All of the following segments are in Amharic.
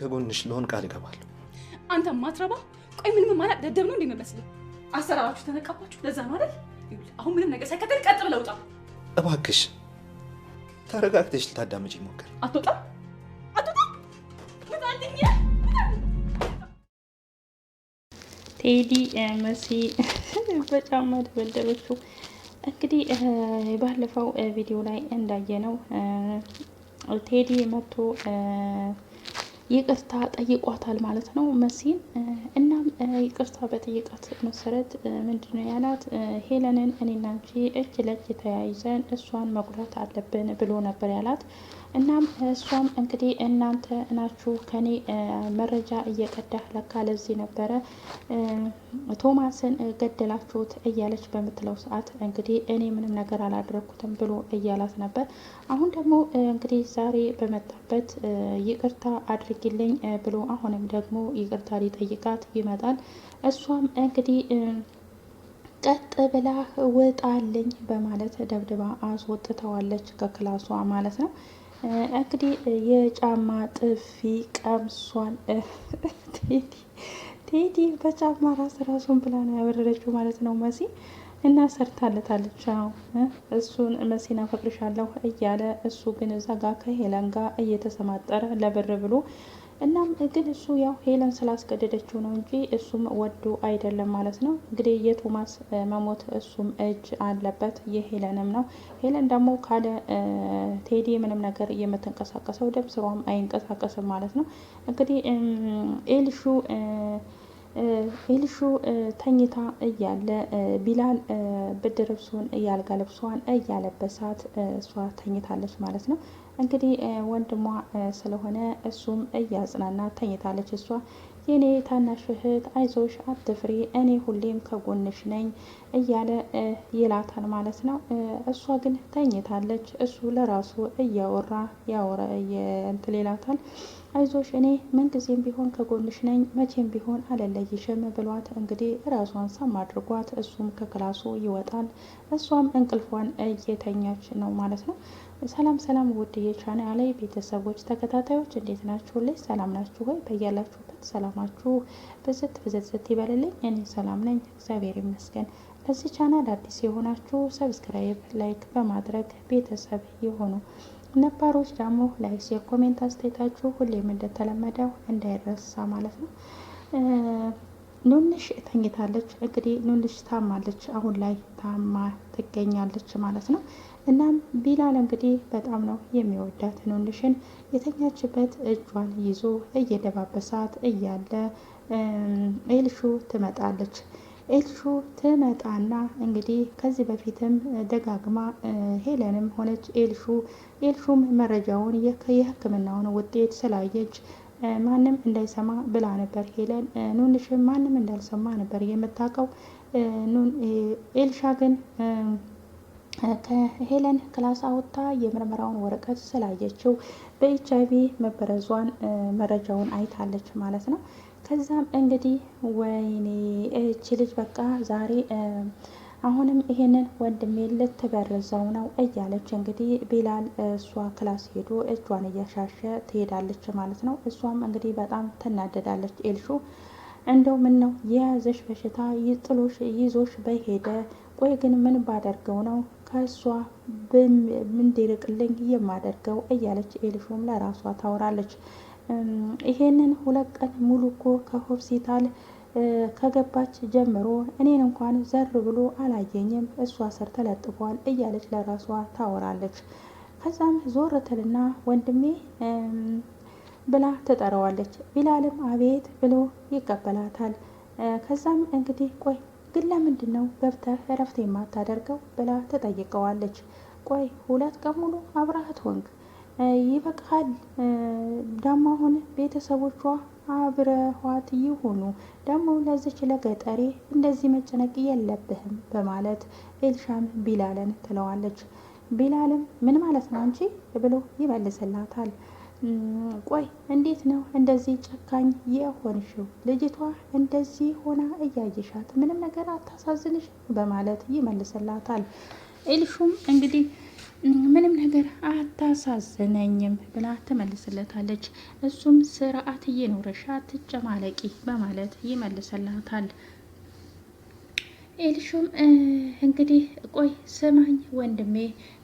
ከጎንሽ ልሆን ቃል እገባለሁ። አንተ ማትረባ ቆይ፣ ምንም ማለት ደደብ ነው እንደሚመስልህ። አሰራራችሁ ተነቃባችሁ፣ ለዛ ነው አይደል? አሁን ምንም ነገር ሳይከተል ቀጥ ብለህ ውጣ እባክሽ። ተረጋግተሽ ልታዳምጪ ሞክር። አትወጣም ቴዲ መሲ በጫማ ደበደበችው። እንግዲህ ባለፈው ቪዲዮ ላይ እንዳየነው ቴዲ መጥቶ ይቅርታ ጠይቋታል ማለት ነው መሲን። እናም ይቅርታ በጠይቃት መሰረት ምንድነው ያላት ሄለንን እኔና አንቺ እጅ ለእጅ ተያይዘን እሷን መጉዳት አለብን ብሎ ነበር ያላት። እናም እሷም እንግዲህ እናንተ ናችሁ ከኔ መረጃ እየቀዳህ ለካ ለዚህ ነበረ ቶማስን ገደላችሁት እያለች በምትለው ሰዓት እንግዲህ እኔ ምንም ነገር አላደረግኩትም ብሎ እያላት ነበር። አሁን ደግሞ እንግዲህ ዛሬ በመጣበት ይቅርታ አድርጊልኝ ብሎ አሁንም ደግሞ ይቅርታ ሊጠይቃት ይመጣል። እሷም እንግዲህ ቀጥ ብላ ውጣልኝ በማለት ደብድባ አስወጥተዋለች ከክላሷ ማለት ነው። እንግዲህ የጫማ ጥፊ ቀምሷን ቴዲ በጫማ ራስ ራሱን ብላ ነው ያበረረችው ማለት ነው መሲ እና ሰርታለታለች። ያው እሱን መሲና ፈቅርሻለሁ እያለ እሱ ግን እዛ ጋር ከሄለን ጋር እየተሰማጠረ ለብር ብሎ እናም ግን እሱ ያው ሄለን ስላስገደደችው ነው እንጂ እሱም ወዶ አይደለም ማለት ነው። እንግዲህ የቶማስ መሞት እሱም እጅ አለበት የሄለንም ነው። ሄለን ደግሞ ካለ ቴዲ ምንም ነገር የምትንቀሳቀሰው ደም ስሯም አይንቀሳቀስም ማለት ነው። እንግዲህ ኤልሹ ኤልሹ ተኝታ እያለ ቢላል ብርድ ልብሱን እያልጋ ልብሷን እያለበሳት እሷ ተኝታለች ማለት ነው። እንግዲህ ወንድሟ ስለሆነ እሱም እያጽናና ተኝታለች። እሷ የኔ ታናሽ እህት አይዞሽ፣ አትፍሪ፣ እኔ ሁሌም ከጎንሽ ነኝ እያለ ይላታል ማለት ነው። እሷ ግን ተኝታለች። እሱ ለራሱ እያወራ ያወረ እንትን ይላታል። አይዞሽ፣ እኔ ምንጊዜም ቢሆን ከጎንሽ ነኝ፣ መቼም ቢሆን አለለይሽም ብሏት እንግዲህ ራሷን ሳም አድርጓት እሱም ከክላሱ ይወጣል። እሷም እንቅልፏን እየተኛች ነው ማለት ነው። ሰላም ሰላም ውድ የቻናሌ ቤተሰቦች ተከታታዮች እንዴት ናችሁ? ልጅ ሰላም ናችሁ ወይ? በያላችሁበት ሰላማችሁ ብዝት ብዝዝት ይበልልኝ። እኔ ሰላም ነኝ፣ እግዚአብሔር ይመስገን። ለዚህ ቻናል አዲስ የሆናችሁ ሰብስክራይብ፣ ላይክ በማድረግ ቤተሰብ የሆኑ ነባሮች ደግሞ ላይክ፣ የኮሜንት አስተያየታችሁ ሁሌም እንደተለመደው እንዳይረሳ ማለት ነው። ኑንሽ ተኝታለች። እንግዲህ ኑንሽ ታማለች፣ አሁን ላይ ታማ ትገኛለች ማለት ነው። እናም ቢላል እንግዲህ በጣም ነው የሚወዳት ኑንሽን የተኛችበት እጇን ይዞ እየደባበሳት እያለ ኤልሹ ትመጣለች። ኤልሹ ትመጣና እንግዲህ ከዚህ በፊትም ደጋግማ ሄለንም ሆነች ኤልሹ ኤልሹም መረጃውን የሕክምናውን ውጤት ስላየች ማንም እንዳይሰማ ብላ ነበር ሄለን። ኑንሽም ማንም እንዳልሰማ ነበር የምታውቀው። ኤልሻ ግን ከሄለን ክላስ አውጥታ የምርመራውን ወረቀት ስላየችው በኤች አይቪ መበረዟን መረጃውን አይታለች ማለት ነው። ከዛም እንግዲህ ወይኔ እች ልጅ በቃ ዛሬ አሁንም ይሄንን ወንድሜ ልትበርዘው ነው እያለች እንግዲህ ቢላል እሷ ክላስ ሄዶ እጇን እያሻሸ ትሄዳለች ማለት ነው። እሷም እንግዲህ በጣም ትናደዳለች። ኤልሹ እንደው ምን ነው የያዘሽ በሽታ ጥሎሽ ይዞሽ በሄደ ቆይ ግን ምን ባደርገው ነው ከእሷ እንዲርቅልኝ የማደርገው እያለች ኤልሾም ለራሷ ታወራለች። ይሄንን ሁለት ቀን ሙሉ እኮ ከሆስፒታል ከገባች ጀምሮ እኔን እንኳን ዘር ብሎ አላየኝም፣ እሷ ስር ተለጥፏል እያለች ለራሷ ታወራለች። ከዛም ዞር ትልና ወንድሜ ብላ ትጠራዋለች። ቢላልም አቤት ብሎ ይቀበላታል። ከዛም እንግዲህ ቆይ ግን ለምንድን ነው ገብተህ እረፍት የማታደርገው ብላ ተጠይቀዋለች። ቆይ ሁለት ቀን ሙሉ አብረሃት ሆንክ ይበቃሃል። ደግሞ አሁን ቤተሰቦቿ አብረኋት ይሁኑ። ደግሞ ለዚች ለገጠሬ እንደዚህ መጨነቅ የለብህም በማለት ኤልሻም ቢላለን ትለዋለች። ቢላልም ምን ማለት ነው አንቺ ብሎ ይመልስላታል። ቆይ እንዴት ነው እንደዚህ ጨካኝ የሆንሽው? ልጅቷ እንደዚህ ሆና እያየሻት ምንም ነገር አታሳዝንሽ? በማለት ይመልስላታል። ኤልሹም እንግዲህ ምንም ነገር አታሳዝነኝም ብላ ትመልስለታለች። እሱም ስርዓት እየኖረሽ አትጨማለቂ በማለት ይመልስላታል። ኤልሹም እንግዲህ ቆይ ስማኝ ወንድሜ፣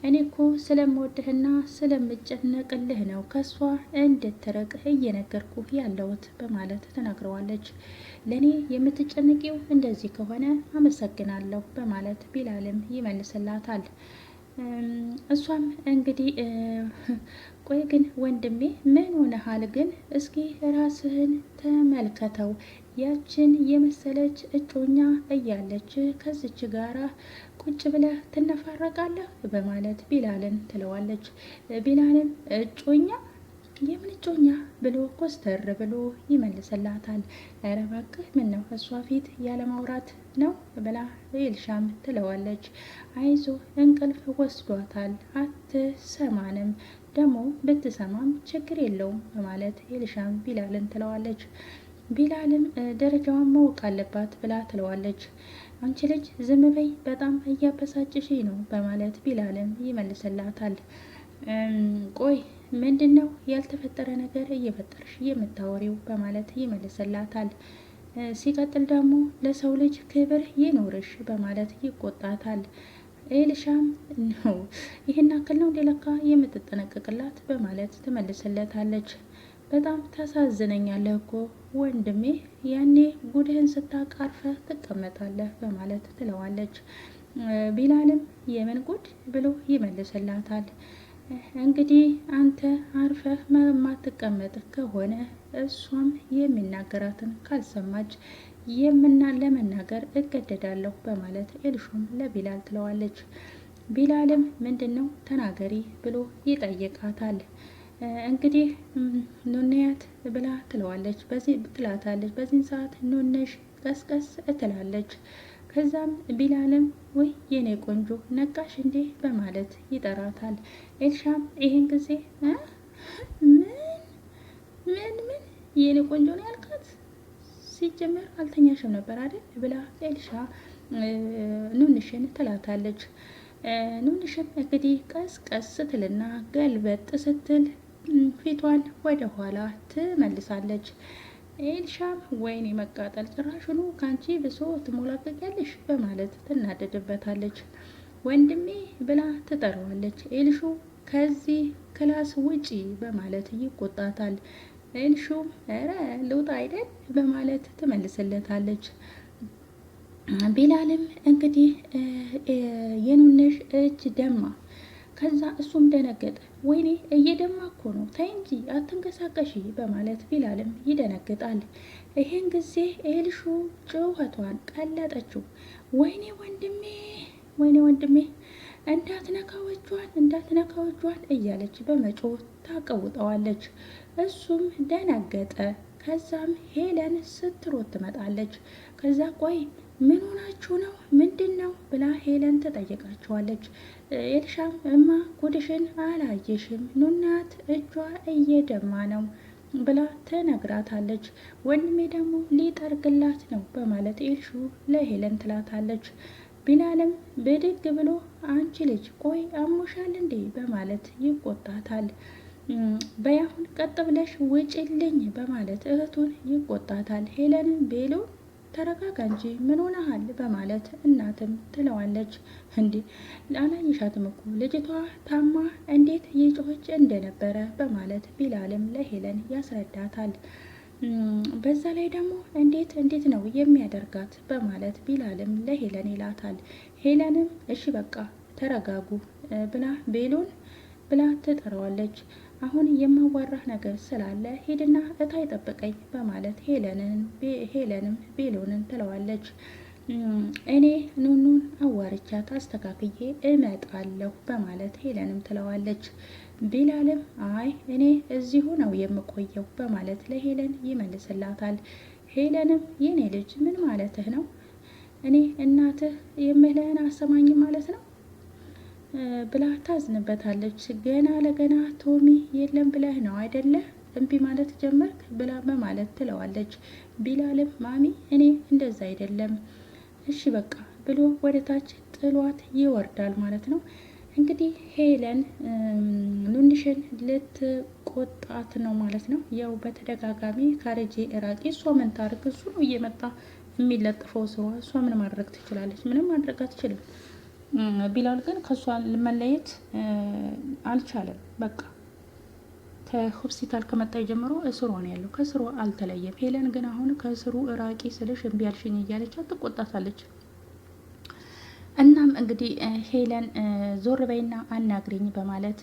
እኔ እኮ ስለምወድህና ስለምጨነቅልህ ነው ከሷ እንድትርቅ እየነገርኩ ያለሁት በማለት ተናግረዋለች። ለእኔ የምትጨንቂው እንደዚህ ከሆነ አመሰግናለሁ በማለት ቢላልም ይመልስላታል። እሷም እንግዲህ ቆይ ግን ወንድሜ ምን ሆነሃል? ግን እስኪ ራስህን ተመልከተው ያችን የመሰለች እጮኛ እያለች ከዚች ጋራ ቁጭ ብለህ ትነፋረቃለህ በማለት ቢላልን ትለዋለች። ቢላልም እጮኛ የምን እጮኛ ብሎ ኮስተር ብሎ ይመልስላታል። ኧረ እባክህ ምን ነው እሷ ፊት ያለማውራት ነው ብላ ኤልሻም ትለዋለች። አይዞ እንቅልፍ ወስዷታል አትሰማንም ደግሞ ብትሰማም ችግር የለውም በማለት ኤልሻም ቢላልን ትለዋለች። ቢላልም ደረጃዋን ማወቅ አለባት ብላ ትለዋለች። አንቺ ልጅ ዝም በይ፣ በጣም እያበሳጭሽ ነው በማለት ቢላልም ይመልስላታል። ቆይ ምንድን ነው ያልተፈጠረ ነገር እየፈጠርሽ የምታወሪው በማለት ይመልስላታል። ሲቀጥል ደግሞ ለሰው ልጅ ክብር ይኖርሽ በማለት ይቆጣታል። ኤልሻም ነው ይህን አክል ነው ለካ የምትጠነቀቅላት በማለት ትመልስለታለች። በጣም ታሳዝነኛለህ እኮ ወንድሜ፣ ያኔ ጉድህን ስታቃርፈ ትቀመጣለህ በማለት ትለዋለች። ቢላልም የምን ጉድ ብሎ ይመልስላታል። እንግዲህ አንተ አርፈህ የማትቀመጥ ከሆነ እሷም የሚናገራትን ካልሰማች የምና ለመናገር እገደዳለሁ በማለት ኤልሹም ለቢላል ትለዋለች። ቢላልም ምንድን ነው ተናገሪ ብሎ ይጠይቃታል። እንግዲህ ኑንያት ብላ ትለዋለች። በዚህ ትላታለች። በዚህን ሰዓት ኑነሽ ቀስቀስ እትላለች። ከዛም ቢላልም ወይ የኔ ቆንጆ ነቃሽ እንዴ በማለት ይጠራታል። ኤልሻም ይህን ጊዜ ምን ምን ምን የኔ ቆንጆ ነው ያልካት ሲጀመር አልተኛሽም ነበር አይደል ብላ ኤልሻ ኑንሽን ትላታለች። ኑንሽም እንግዲህ ቀስቀስ ስትልና ገልበጥ ስትል ፊቷን ወደ ኋላ ትመልሳለች። ኤልሻም ወይን የመቃጠል ጭራሽኑ ከአንቺ ብሶ ትሞላቀቂያለሽ በማለት ትናደድበታለች። ወንድሜ ብላ ትጠራዋለች። ኤልሹ ከዚህ ክላስ ውጪ በማለት ይቆጣታል። ኤልሹም ኧረ ልውጣ አይደል በማለት ትመልስለታለች። ቢላልም እንግዲህ የኑነሽ እጅ ደማ፣ ከዛ እሱም ደነገጠ። ወይኔ እየደማ እኮ ነው ተይ እንጂ አትንቀሳቀሺ በማለት ቢላልም ይደነግጣል። ይህን ጊዜ ኤልሹ ጭውኸቷን ቀለጠችው። ወይኔ ወንድሜ ወይኔ ወንድሜ እንዳትነካወጇን እንዳትነካወጇን እያለች በመጮ ታቀውጠዋለች። እሱም ደነገጠ። ከዛም ሄለን ስትሮት ትመጣለች። ከዛ ቆይ ምን ሆናችሁ ነው? ምንድን ነው ብላ ሄለን ትጠይቃቸዋለች ኤልሻም እማ ጉድሽን አላየሽም ኑናት እጇ እየደማ ነው ብላ ትነግራታለች። ወንድሜ ደግሞ ሊጠርግላት ነው በማለት ኤልሹ ለሄለን ትላታለች። ቢላልም ብድግ ብሎ አንቺ ልጅ ቆይ አሞሻል እንዴ በማለት ይቆጣታል። በያሁን ቀጥ ብለሽ ውጭልኝ በማለት እህቱን ይቆጣታል። ሄለንን ቤሎ ተረጋጋ እንጂ ምን ሆነሃል? በማለት እናትም ትለዋለች። እንዴ አላየሻትም እኮ ልጅቷ ታማ እንዴት የጮኸች እንደነበረ በማለት ቢላልም ለሄለን ያስረዳታል። በዛ ላይ ደግሞ እንዴት እንዴት ነው የሚያደርጋት በማለት ቢላልም ለሄለን ይላታል። ሄለንም እሺ በቃ ተረጋጉ ብላ ቤሎን ብላ ትጠራዋለች። አሁን የማዋራህ ነገር ስላለ ሄድና እታይ ጠብቀኝ በማለት ሄለንን ሄለንም ቤሎንን ትለዋለች። እኔ ኑኑን አዋርቻት አስተካክዬ እመጣለሁ በማለት ሄለንም ትለዋለች። ቢላልም አይ እኔ እዚሁ ነው የምቆየው በማለት ለሄለን ይመልስላታል። ሄለንም የኔ ልጅ ምን ማለትህ ነው? እኔ እናትህ የምልህን አሰማኝ ማለት ነው ብላ ታዝንበታለች። ገና ለገና ቶሚ የለም ብለህ ነው አይደለ እምቢ ማለት ጀመርክ ብላ በማለት ትለዋለች። ቢላልም ማሚ እኔ እንደዛ አይደለም እሺ በቃ ብሎ ወደ ታች ጥሏት ይወርዳል ማለት ነው። እንግዲህ ሄለን ኑንሽን ልትቆጣት ነው ማለት ነው። ያው በተደጋጋሚ ካረጄ እራቂ፣ እሷ ምን ታርግ? እሱ ነው እየመጣ የሚለጥፈው ሰው እሷ ምን ማድረግ ትችላለች? ምንም ማድረግ አትችልም። ቢላል ግን ከእሷ መለየት አልቻለም። በቃ ከሆስፒታል ከመጣ ጀምሮ እስሩ ነው ያለው። ከስሯ አልተለየም። ሄለን ግን አሁን ከስሩ እራቂ ስልሽ እምቢ አልሽኝ እያለች ትቆጣታለች። እናም እንግዲህ ሄለን ዞር በይና አናግሪኝ በማለት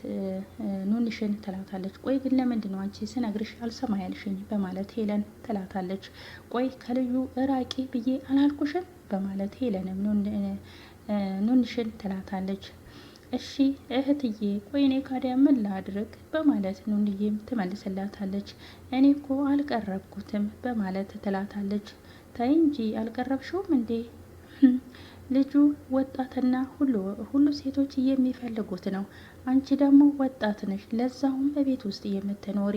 ኑንሽን ትላታለች። ቆይ ግን ለምንድን ነው አንቺ ስነግርሽ አልሰማ ያልሽኝ በማለት ሄለን ትላታለች። ቆይ ከልዩ እራቂ ብዬ አላልኩሽም በማለት ሄለንም ኑንሽን ትላታለች። እሺ እህትዬ ቆይኔ ካዲያ ምን ላድርግ በማለት ኑንዬም ትመልስላታለች። እኔ እኮ አልቀረብኩትም በማለት ትላታለች። ታይ እንጂ አልቀረብሽውም እንዴ ልጁ ወጣትና ሁሉ ሁሉ ሴቶች የሚፈልጉት ነው። አንቺ ደግሞ ወጣት ነሽ፣ ለዛውም በቤት ውስጥ የምትኖሪ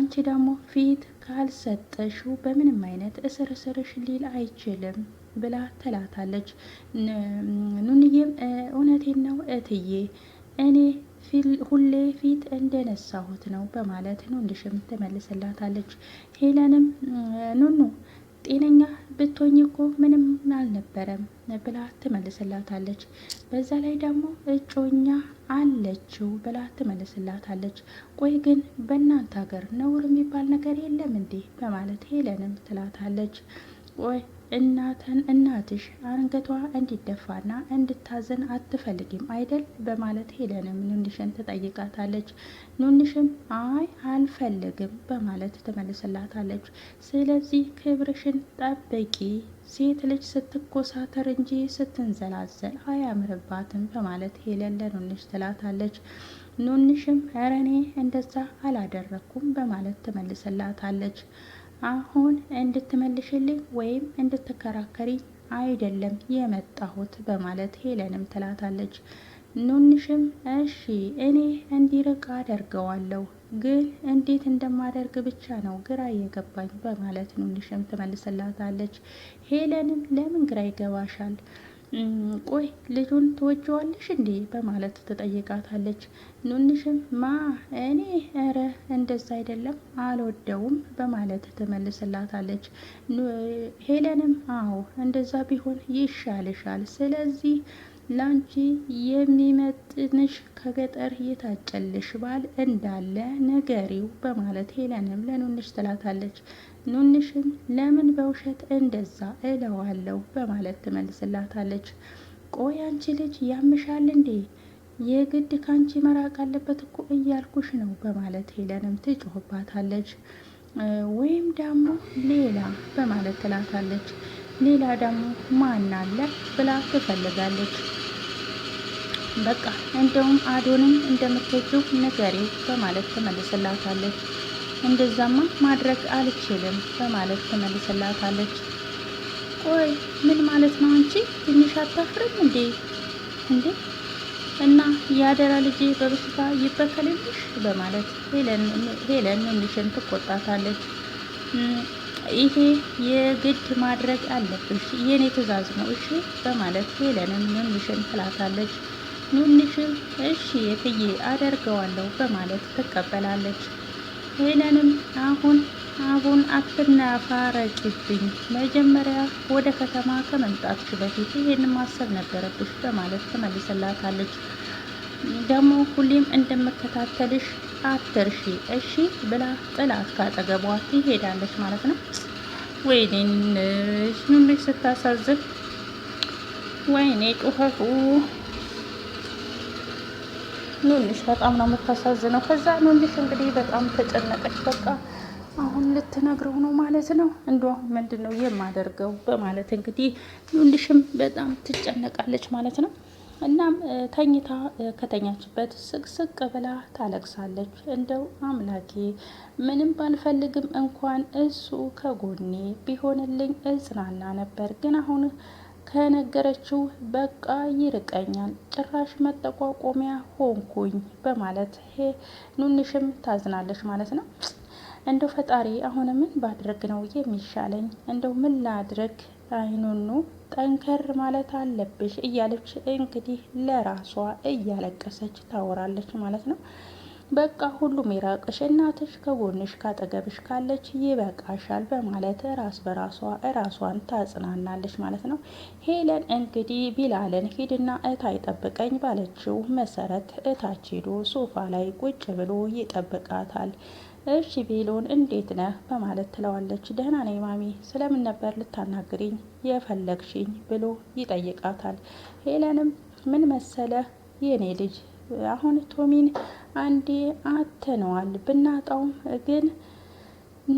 አንቺ ደግሞ ፊት ካልሰጠሽው በምንም አይነት እስርስርሽ ሊል አይችልም ብላ ትላታለች። ኑንዬም እውነቴን ነው እትዬ እኔ ሁሌ ፊት እንደነሳሁት ነው በማለት ኑንሽም ትመልስላታለች። ሄለንም ኑኑ ጤነኛ ብትሆኝ እኮ ምንም አልነበረም ብላ ትመልስላታለች። በዛ ላይ ደግሞ እጮኛ አለችው ብላ ትመልስላታለች። ቆይ ግን በእናንተ ሀገር ነውር የሚባል ነገር የለም እንዴ? በማለት ሄለንም ትላታለች። ቆይ እናተን እናትሽ አንገቷ እንዲደፋና እንድታዘን አትፈልጊም አይደል? በማለት ሄለንም ኑንሽን ትጠይቃታለች። ኑንሽም አይ አልፈልግም በማለት ትመልስላታለች። ስለዚህ ክብርሽን ጠብቂ ሴት ልጅ ስትኮሳተር እንጂ ስትንዘላዘል አያምርባትም በማለት ሄለን ለኑንሽ ትላታለች። ኑንሽም ኧረ እኔ እንደዛ አላደረኩም በማለት ትመልስላታለች። አሁን እንድትመልሽልኝ ወይም እንድትከራከሪ አይደለም የመጣሁት በማለት ሄለንም ትላታለች። ኑንሽም እሺ እኔ እንዲርቅ አደርገዋለሁ ግን እንዴት እንደማደርግ ብቻ ነው ግራ የገባኝ በማለት ኑንሽም ትመልስላታለች። ሄለንም ለምን ግራ ይገባሻል ቆይ ልጁን ትወጂዋለሽ እንዴ? በማለት ትጠይቃታለች። ኑንሽም ማ እኔ ኧረ እንደዛ አይደለም አልወደውም በማለት ትመልስላታለች። ሄለንም አዎ እንደዛ ቢሆን ይሻልሻል፣ ስለዚህ ላንቺ የሚመጥንሽ ከገጠር የታጨልሽ ባል እንዳለ ነገሪው በማለት ሄለንም ለኑንሽ ትላታለች። ኑንሽም ለምን በውሸት እንደዛ እለዋለሁ በማለት ትመልስላታለች። ቆይ አንቺ ልጅ ያምሻል እንዴ? የግድ ካንቺ መራቅ አለበት እኮ እያልኩሽ ነው በማለት ሄለንም ትጮህባታለች። ወይም ደግሞ ሌላ በማለት ትላታለች። ሌላ ደግሞ ማን አለ ብላ ትፈልጋለች። በቃ እንደውም አዶንም እንደምትወጂው ንገሪው በማለት ትመልስላታለች። እንደዛማ ማድረግ አልችልም በማለት ትመልስላታለች። ቆይ ምን ማለት ነው? አንቺ ትንሽ አታፍርም እንዴ? እንዴ እና የአደራ ልጄ በበሽታ ይበከልልሽ በማለት ሄለን ምንሽን ትቆጣታለች። ይሄ የግድ ማድረግ አለብሽ የእኔ ትዕዛዝ ነው እሺ በማለት ሄለንን ንሽን ትላታለች። ምንሽን እሺ የትዬ አደርገዋለሁ በማለት ትቀበላለች። ሄለንም አሁን አሁን አትናፋረቂብኝ፣ መጀመሪያ ወደ ከተማ ከመምጣትሽ በፊት ይህን ማሰብ ነበረብሽ በማለት ትመልስላታለች። ደግሞ ሁሌም እንደምከታተልሽ አትርሺ እሺ ብላ ጥላት ካጠገቧ ትሄዳለች ማለት ነው። ወይኔንሽ ምንሽ ስታሳዝን! ወይኔ ጩኸቱ ኑንሽ በጣም ነው የምታሳዝነው። ከዛ ኑንሽ እንግዲህ በጣም ተጨነቀች። በቃ አሁን ልትነግረው ነው ማለት ነው። እንዲሁ ምንድን ነው የማደርገው በማለት እንግዲህ ኑንሽም በጣም ትጨነቃለች ማለት ነው። እናም ተኝታ ከተኛችበት ስቅስቅ ብላ ታለቅሳለች። እንደው አምላኬ ምንም ባልፈልግም እንኳን እሱ ከጎኔ ቢሆንልኝ እጽናና ነበር ግን አሁን ከነገረችው በቃ ይርቀኛል፣ ጭራሽ መጠቋቆሚያ ሆንኩኝ በማለት ኑንሽም ታዝናለች ማለት ነው። እንደው ፈጣሪ አሁን ምን ባድረግ ነው የሚሻለኝ? እንደው ምን ላድረግ? አይኑኑ ጠንከር ማለት አለብሽ እያለች እንግዲህ ለራሷ እያለቀሰች ታወራለች ማለት ነው። በቃ ሁሉም የራቅሽ እናትሽ ከጎንሽ ካጠገብሽ ካለች ይበቃሻል በማለት ራስ በራሷ ራሷን ታጽናናለች ማለት ነው። ሄለን እንግዲህ ቢላለን ሂድና እታ ይጠብቀኝ ባለችው መሰረት እታች ሄዶ ሶፋ ላይ ቁጭ ብሎ ይጠብቃታል። እሺ ቤሎን እንዴት ነህ በማለት ትለዋለች። ደህና ነኝ ማሚ፣ ስለምን ነበር ልታናግሪኝ የፈለግሽኝ ብሎ ይጠይቃታል። ሄለንም ምን መሰለ የኔ ልጅ አሁን ቶሚን አንዴ አተነዋል። ብናጣውም ግን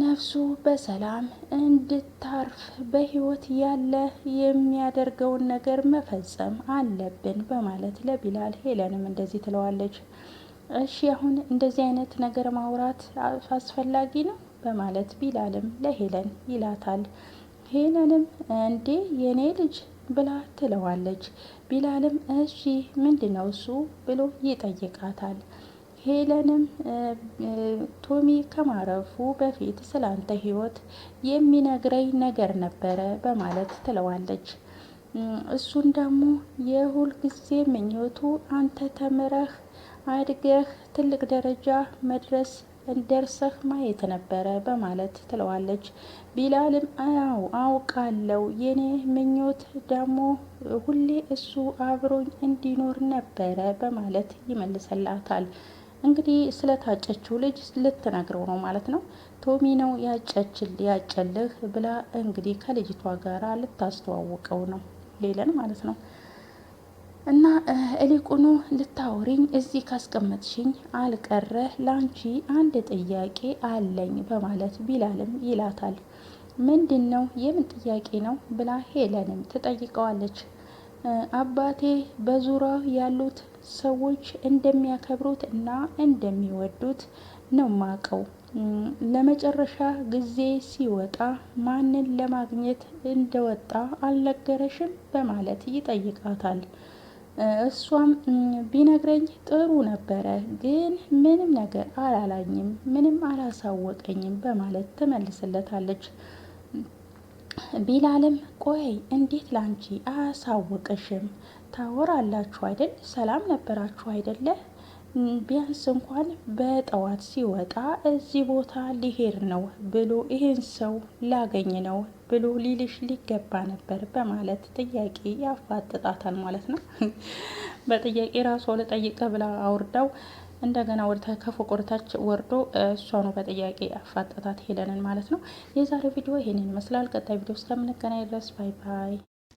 ነፍሱ በሰላም እንድታርፍ በህይወት ያለ የሚያደርገውን ነገር መፈጸም አለብን በማለት ለቢላል ሄለንም እንደዚህ ትለዋለች። እሺ አሁን እንደዚህ አይነት ነገር ማውራት አስፈላጊ ነው በማለት ቢላልም ለሄለን ይላታል። ሄለንም እንዴ የኔ ልጅ ብላ ትለዋለች። ቢላልም እሺ ምንድን ነው እሱ ብሎ ይጠይቃታል። ሄለንም ቶሚ ከማረፉ በፊት ስላንተ ህይወት የሚነግረኝ ነገር ነበረ በማለት ትለዋለች። እሱን ደግሞ የሁል ጊዜ ምኞቱ አንተ ተምረህ አድገህ ትልቅ ደረጃ መድረስ ደርሰህ ማየት ነበረ በማለት ትለዋለች። ቢላልም አዎ አውቃለው፣ የኔ ምኞት ደግሞ ሁሌ እሱ አብሮኝ እንዲኖር ነበረ በማለት ይመልሰላታል። እንግዲህ ስለታጨችው ልጅ ልትነግረው ነው ማለት ነው። ቶሚ ነው ያጨችል ያጨልህ ብላ እንግዲህ ከልጅቷ ጋር ልታስተዋውቀው ነው ሌለን ማለት ነው። እና እሊቁኑ ልታውሪኝ እዚህ ካስቀመጥሽኝ አልቀረ ላንቺ አንድ ጥያቄ አለኝ በማለት ቢላልም ይላታል። ምንድን ነው የምን ጥያቄ ነው ብላ ሄለንም ትጠይቀዋለች። አባቴ በዙሪያው ያሉት ሰዎች እንደሚያከብሩት እና እንደሚወዱት ነው ማቀው። ለመጨረሻ ጊዜ ሲወጣ ማንን ለማግኘት እንደወጣ አልነገረሽም? በማለት ይጠይቃታል። እሷም ቢነግረኝ ጥሩ ነበረ፣ ግን ምንም ነገር አላላኝም፣ ምንም አላሳወቀኝም በማለት ትመልስለታለች። ቢላልም ቆይ እንዴት ላንቺ አያሳወቀሽም? ታወራላችሁ አይደል? ሰላም ነበራችሁ አይደለ? ቢያንስ እንኳን በጠዋት ሲወጣ እዚህ ቦታ ሊሄድ ነው ብሎ ይህን ሰው ላገኝ ነው ብሎ ሊልሽ ሊገባ ነበር በማለት ጥያቄ ያፋጥጣታል ማለት ነው። በጥያቄ ራሱ ልጠይቅ ብላ አውርዳው እንደገና ወደ ከፎቅ ወደታች ወርዶ ነው በጥያቄ አፋጠታት ሄለንን ማለት ነው። የዛሬው ቪዲዮ ይሄንን ይመስላል። ቀጣይ ቪዲዮ እስከምንገናኝ ድረስ ባይ ባይ።